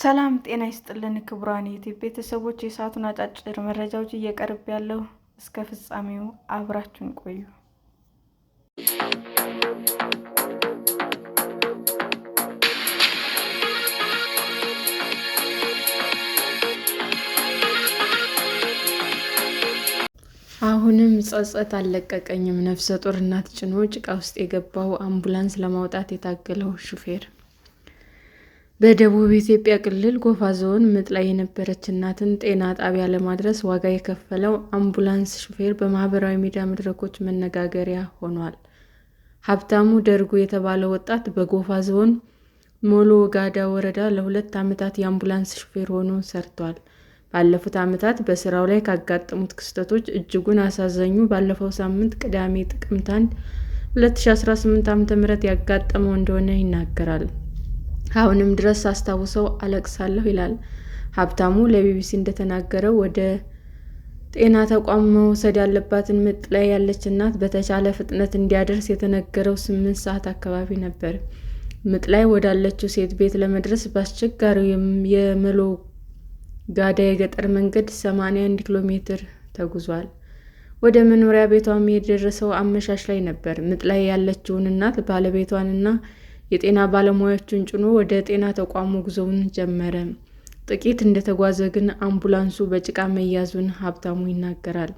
ሰላም ጤና ይስጥልን ክቡራን ዩቲዩብ ቤተሰቦች፣ የሰዓቱን አጫጭር መረጃዎች እየቀርብ ያለው እስከ ፍጻሜው አብራችን ቆዩ። አሁንም ጸጸት አልለቀቀኝም። ነፍሰ ጡር እናት ጭኖ ጭቃ ውስጥ የገባው አምቡላንስ ለማውጣት የታገለው ሹፌር በደቡብ ኢትዮጵያ ክልል ጎፋ ዞን ምጥ ላይ የነበረች እናትን ጤና ጣቢያ ለማድረስ ዋጋ የከፈለው አምቡላንስ ሹፌር በማህበራዊ ሚዲያ መድረኮች መነጋገሪያ ሆኗል። ሀብታሙ ደርጉ የተባለ ወጣት በጎፋ ዞን ሞሎ ጋዳ ወረዳ ለሁለት ዓመታት የአምቡላንስ ሹፌር ሆኖ ሰርቷል። ባለፉት ዓመታት በሥራው ላይ ካጋጠሙት ክስተቶች እጅጉን አሳዘኙ፣ ባለፈው ሳምንት ቅዳሜ ጥቅምት 1 2018 ዓ.ም ያጋጠመው እንደሆነ ይናገራል። አሁንም ድረስ አስታውሰው አለቅሳለሁ ይላል። ሀብታሙ ለቢቢሲ እንደተናገረው ወደ ጤና ተቋም መውሰድ ያለባትን ምጥ ላይ ያለች እናት በተቻለ ፍጥነት እንዲያደርስ የተነገረው ስምንት ሰዓት አካባቢ ነበር። ምጥ ላይ ወዳለችው ሴት ቤት ለመድረስ በአስቸጋሪው የመሎ ጋዳ የገጠር መንገድ 81 ኪሎ ሜትር ተጉዟል። ወደ መኖሪያ ቤቷም የደረሰው አመሻሽ ላይ ነበር። ምጥ ላይ ያለችውን እናት ባለቤቷንና የጤና ባለሙያዎችን ጭኖ ወደ ጤና ተቋሙ ጉዞውን ጀመረ። ጥቂት እንደተጓዘ ግን አምቡላንሱ በጭቃ መያዙን ሀብታሙ ይናገራል።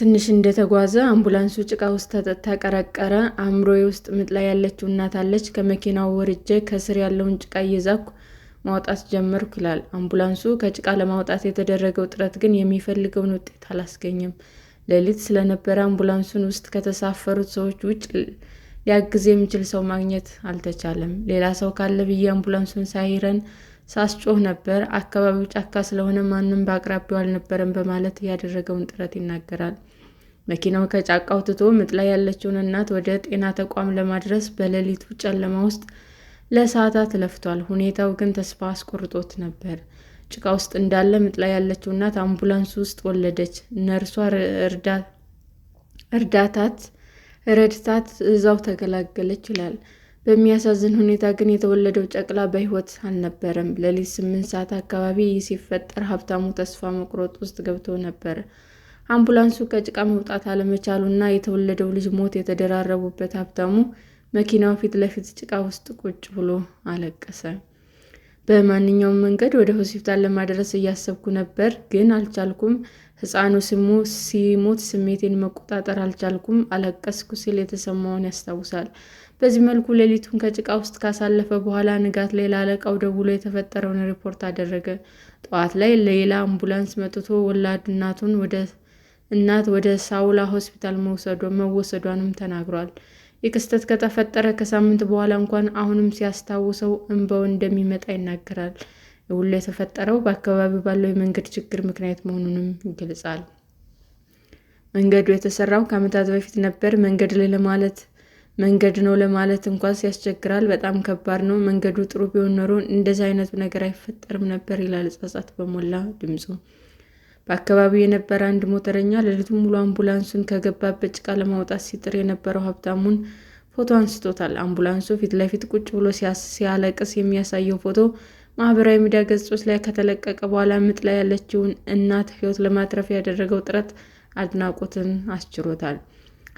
ትንሽ እንደተጓዘ አምቡላንሱ ጭቃ ውስጥ ተቀረቀረ። አእምሮዬ ውስጥ ምጥ ላይ ያለችው እናት አለች። ከመኪናው ወርጄ ከስር ያለውን ጭቃ እየዛኩ ማውጣት ጀመርኩ ይላል። አምቡላንሱ ከጭቃ ለማውጣት የተደረገው ጥረት ግን የሚፈልገውን ውጤት አላስገኘም። ሌሊት ስለነበረ አምቡላንሱን ውስጥ ከተሳፈሩት ሰዎች ውጭ ሊያግዝ የሚችል ሰው ማግኘት አልተቻለም። ሌላ ሰው ካለ ብዬ አምቡላንሱን ሳይረን ሳስጮህ ነበር። አካባቢው ጫካ ስለሆነ ማንም በአቅራቢያው አልነበረም በማለት ያደረገውን ጥረት ይናገራል። መኪናው ከጫካው ትቶ ምጥ ላይ ያለችውን እናት ወደ ጤና ተቋም ለማድረስ በሌሊቱ ጨለማ ውስጥ ለሰዓታት ለፍቷል። ሁኔታው ግን ተስፋ አስቆርጦት ነበር። ጭቃ ውስጥ እንዳለ ምጥ ላይ ያለችው እናት አምቡላንስ ውስጥ ወለደች። ነርሷ እርዳታት ረድታት እዛው ተገላገለች ይላል። በሚያሳዝን ሁኔታ ግን የተወለደው ጨቅላ በሕይወት አልነበረም። ሌሊት ስምንት ሰዓት አካባቢ ሲፈጠር ሀብታሙ ተስፋ መቁረጥ ውስጥ ገብቶ ነበር። አምቡላንሱ ከጭቃ መውጣት አለመቻሉ እና የተወለደው ልጅ ሞት የተደራረቡበት ሀብታሙ መኪናው ፊት ለፊት ጭቃ ውስጥ ቁጭ ብሎ አለቀሰ። በማንኛውም መንገድ ወደ ሆስፒታል ለማድረስ እያሰብኩ ነበር፣ ግን አልቻልኩም። ሕፃኑ ሲሞት ስሜቴን መቆጣጠር አልቻልኩም፣ አለቀስኩ ሲል የተሰማውን ያስታውሳል። በዚህ መልኩ ሌሊቱን ከጭቃ ውስጥ ካሳለፈ በኋላ ንጋት ላይ አለቃው ደውሎ የተፈጠረውን ሪፖርት አደረገ። ጠዋት ላይ ሌላ አምቡላንስ መጥቶ ወላድ እናቱን ወደ እናት ወደ ሳውላ ሆስፒታል መወሰዷንም ተናግሯል። የክስተት ከተፈጠረ ከሳምንት በኋላ እንኳን አሁንም ሲያስታውሰው እንባው እንደሚመጣ ይናገራል። የሁሉ የተፈጠረው በአካባቢው ባለው የመንገድ ችግር ምክንያት መሆኑንም ይገልጻል። መንገዱ የተሰራው ከዓመታት በፊት ነበር። መንገድ ላይ ለማለት መንገድ ነው ለማለት እንኳን ያስቸግራል። በጣም ከባድ ነው። መንገዱ ጥሩ ቢሆን ኖሮ እንደዚህ አይነቱ ነገር አይፈጠርም ነበር ይላል ጸጸት በሞላ ድምፁ። በአካባቢው የነበረ አንድ ሞተረኛ ሌሊቱን ሙሉ አምቡላንሱን ከገባበት ጭቃ ለማውጣት ሲጥር የነበረው ሀብታሙን ፎቶ አንስቶታል። አምቡላንሱ ፊት ለፊት ቁጭ ብሎ ሲያለቅስ የሚያሳየው ፎቶ ማህበራዊ ሚዲያ ገጾች ላይ ከተለቀቀ በኋላ ምጥ ላይ ያለችውን እናት ሕይወት ለማትረፍ ያደረገው ጥረት አድናቆትን አስችሮታል።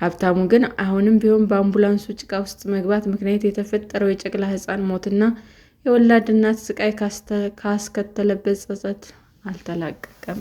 ሀብታሙ ግን አሁንም ቢሆን በአምቡላንሱ ጭቃ ውስጥ መግባት ምክንያት የተፈጠረው የጨቅላ ህፃን ሞትና የወላድ እናት ስቃይ ካስከተለበት ጸጸት አልተላቀቀም።